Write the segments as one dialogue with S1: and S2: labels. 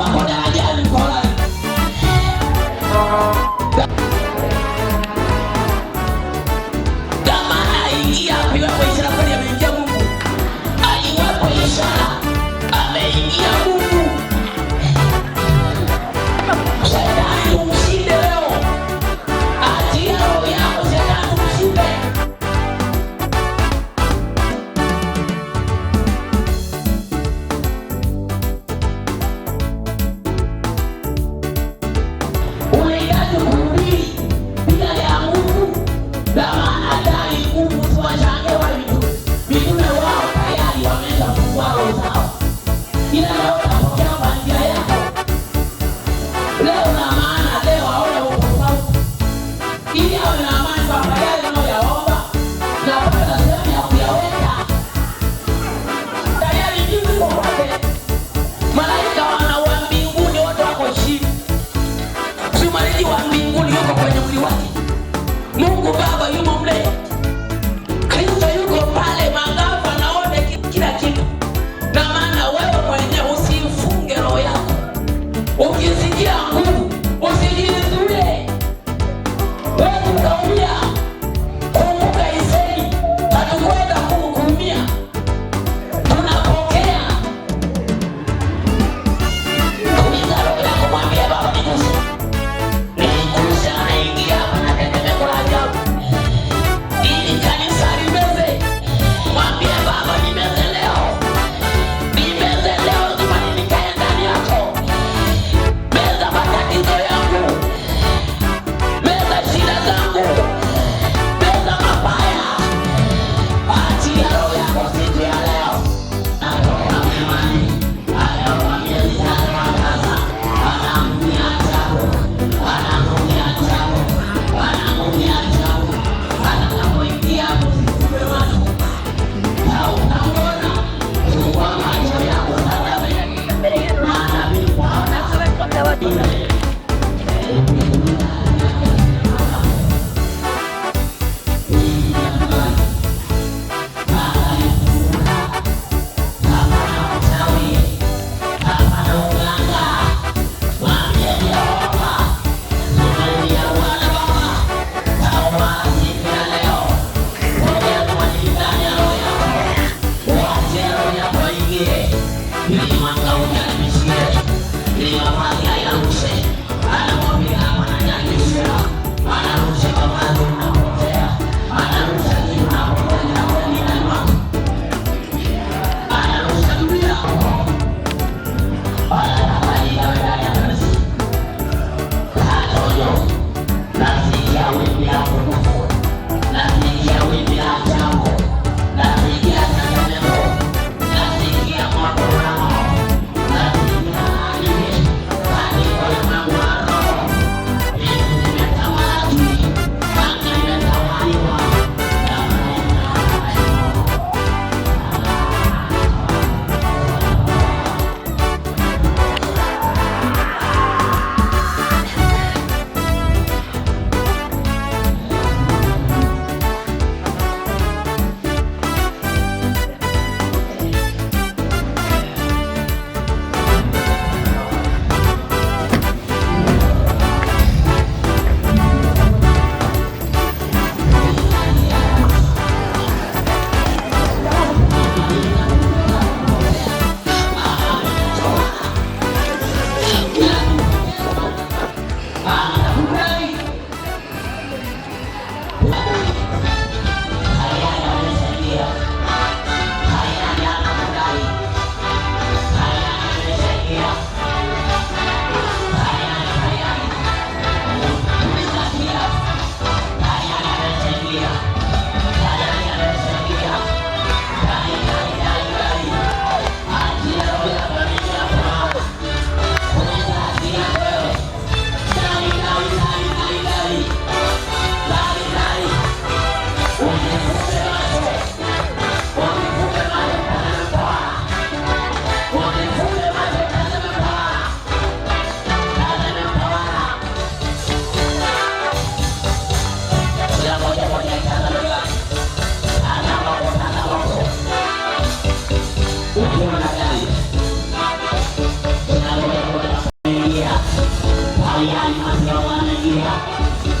S1: ว่าบ่ได้ Wow,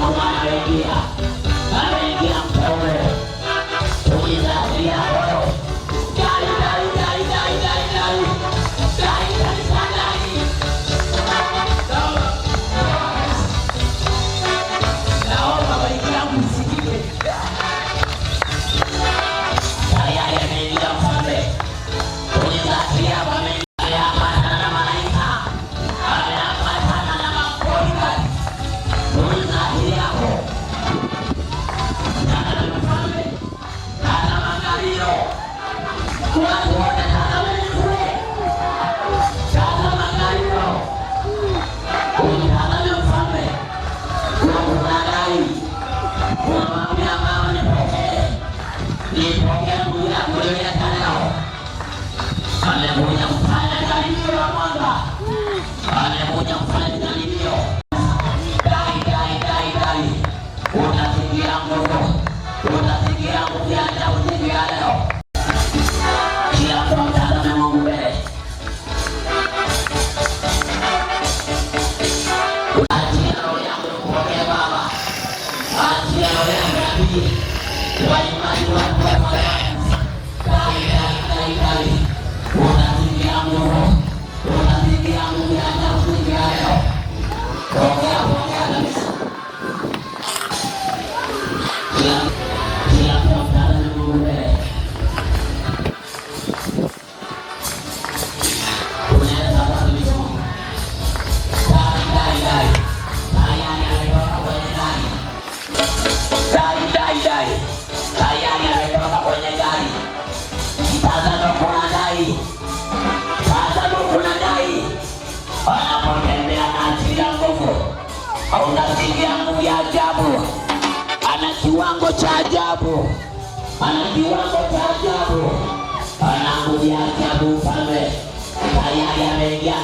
S1: wow, wow.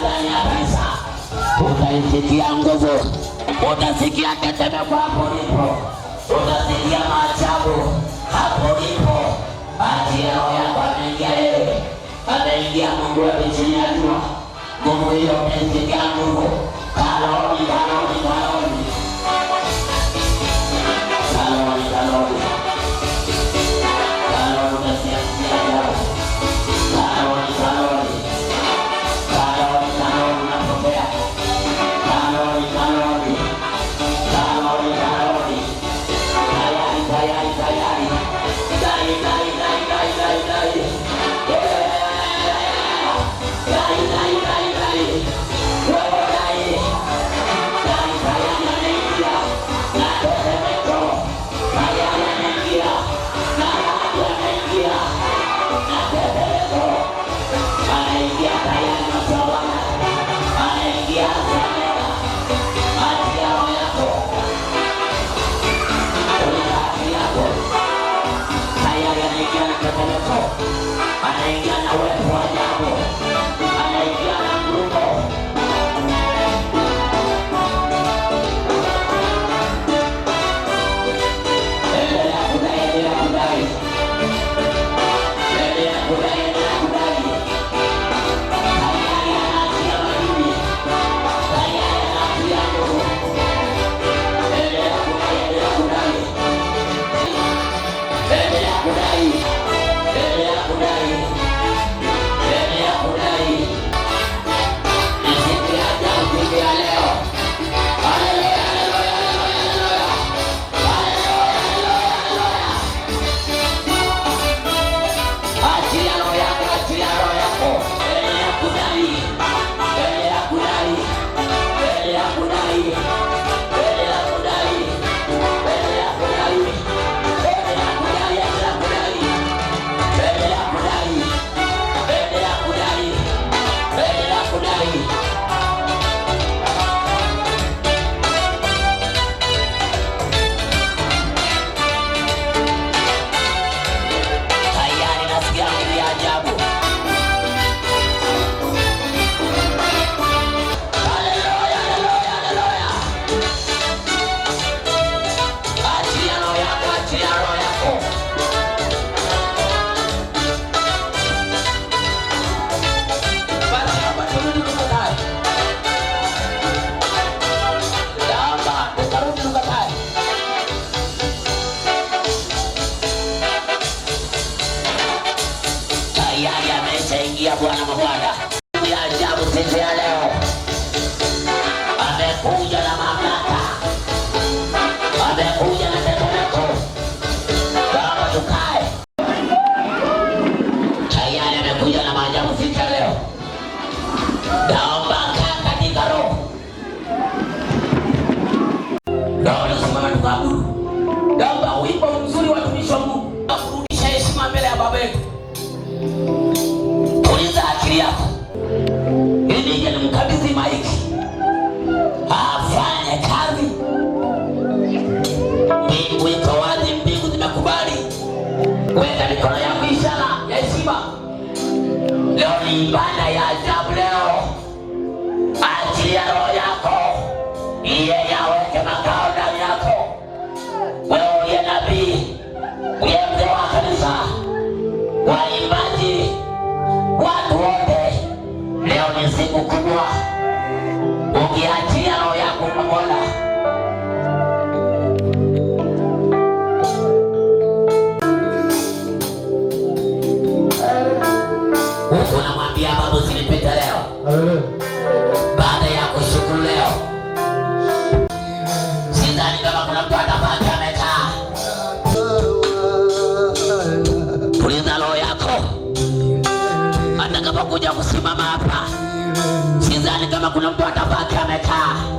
S1: ndani ya pesa, utaisikia nguvu, utasikia tetemeko hapo ulipo, utasikia maajabu hapo ulipo. Basi roho yako ameingia yeye, ameingia Mungu wa chini ya jua. Nguvu hiyo utaisikia nguvu, karoni, karoni, karoni Utaingia Bwana mabwana ya ajabu tetea weka mikono yako ishara ya heshima. Leo ni ibada ya ajabu. Leo achilia roho yako iye yaweke makao ndani yako. Wewe uye nabii, uye mzee wa kanisa, waimbaji, watu wote, leo ni siku kubwa ukiachi kuja kusimama hapa, sidhani kama kuna mtu atapaki amekaa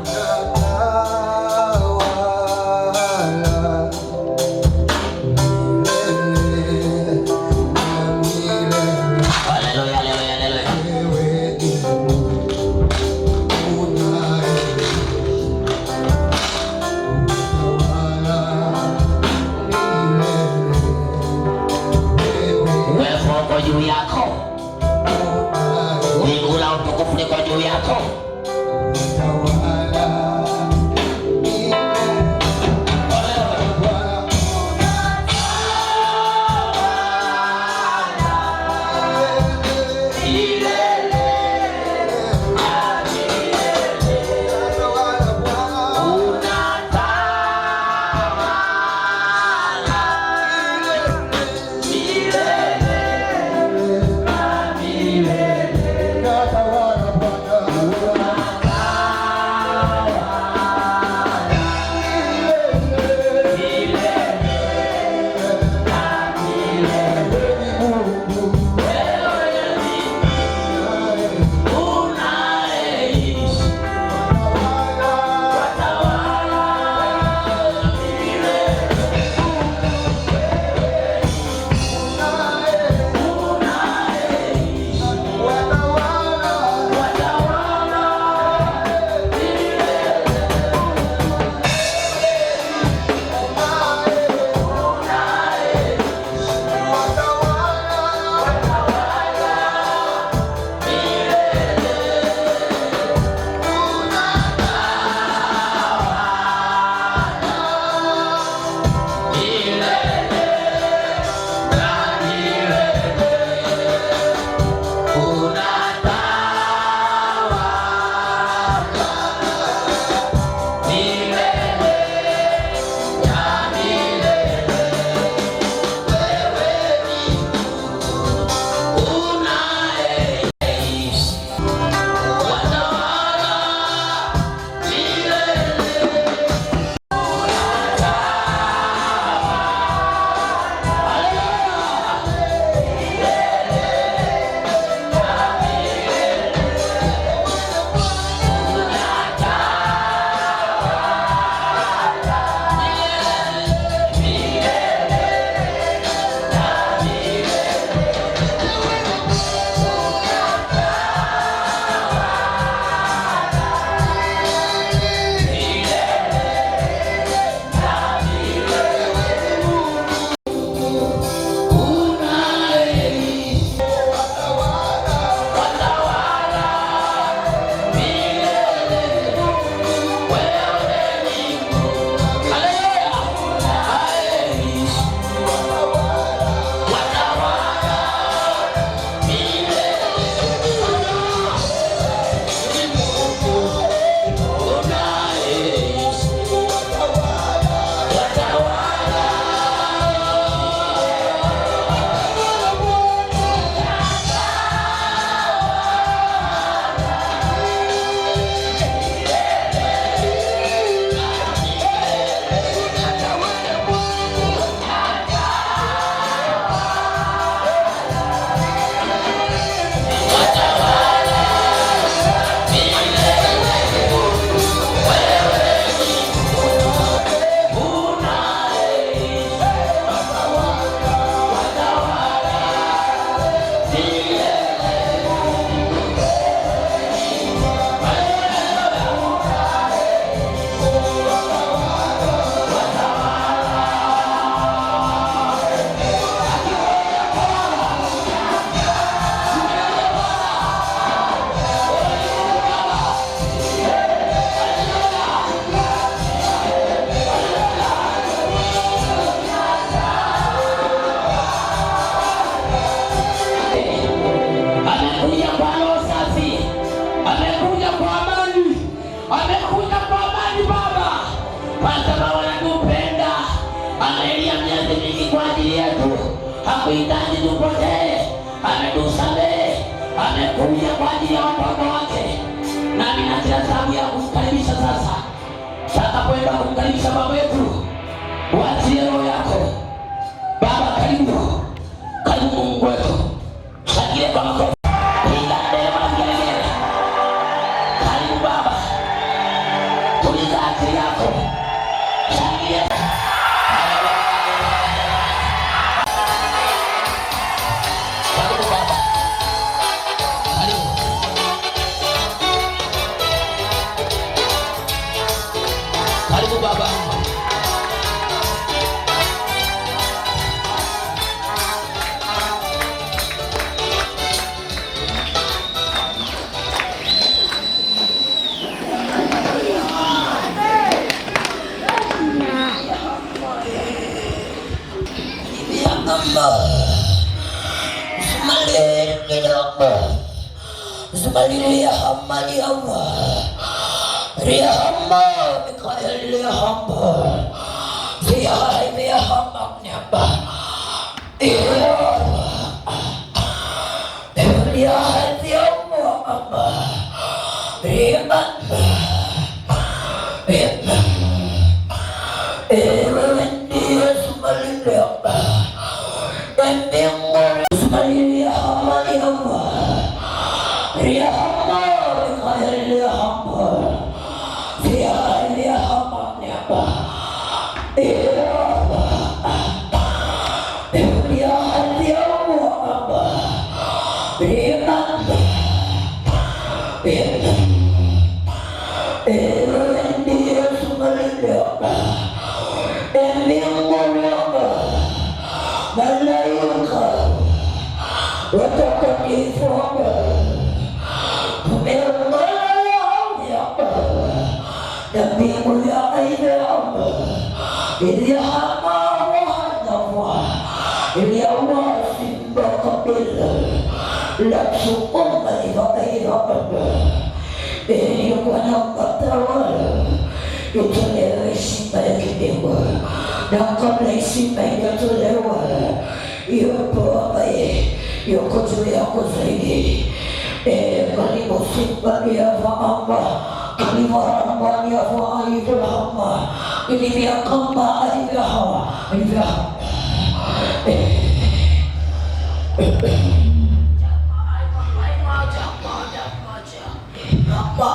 S1: Allah ya Hamma Allah Ria Hamma Mikael li ya Hamma ni Hamma Iya Ria Haim ya Tiếp tắt Tiếp tắt Em đi xuống lên được Em biết ngôn lắm Đã lấy yêu khờ Đã cho phong Thầm em Đã bị ngôn lắm ấy với ông Để đi hát máu hát đồng hòa Để nakusukuma kivoka kivoka iliyokuwa na upata wala itolewe simba ya kibingwa, na kabla isimba ikatolewa iwepo ambaye yuko juu yako zaidi kalivo simba liyavaamba kalivo ramba liyavaa ilivyohama ilivyakamba alivyohawa alivyohama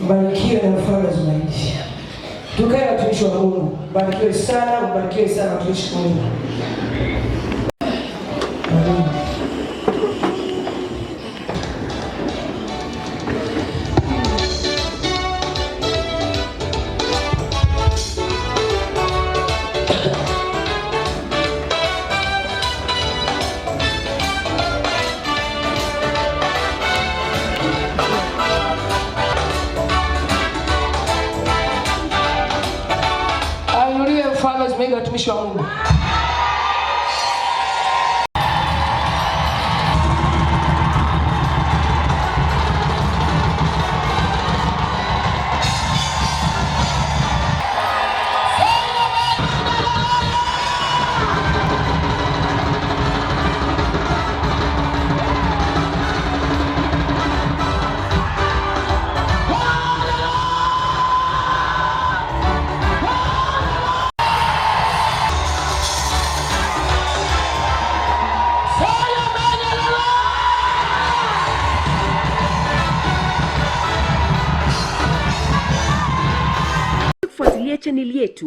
S1: Mbarikiwe na mfalme tunaishi. Tukae watumishi wa Mungu, mbarikiwe sana, mbarikiwe sana watumishi wa Mungu.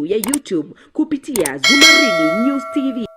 S1: yetu ya YouTube kupitia Zumaridi News TV.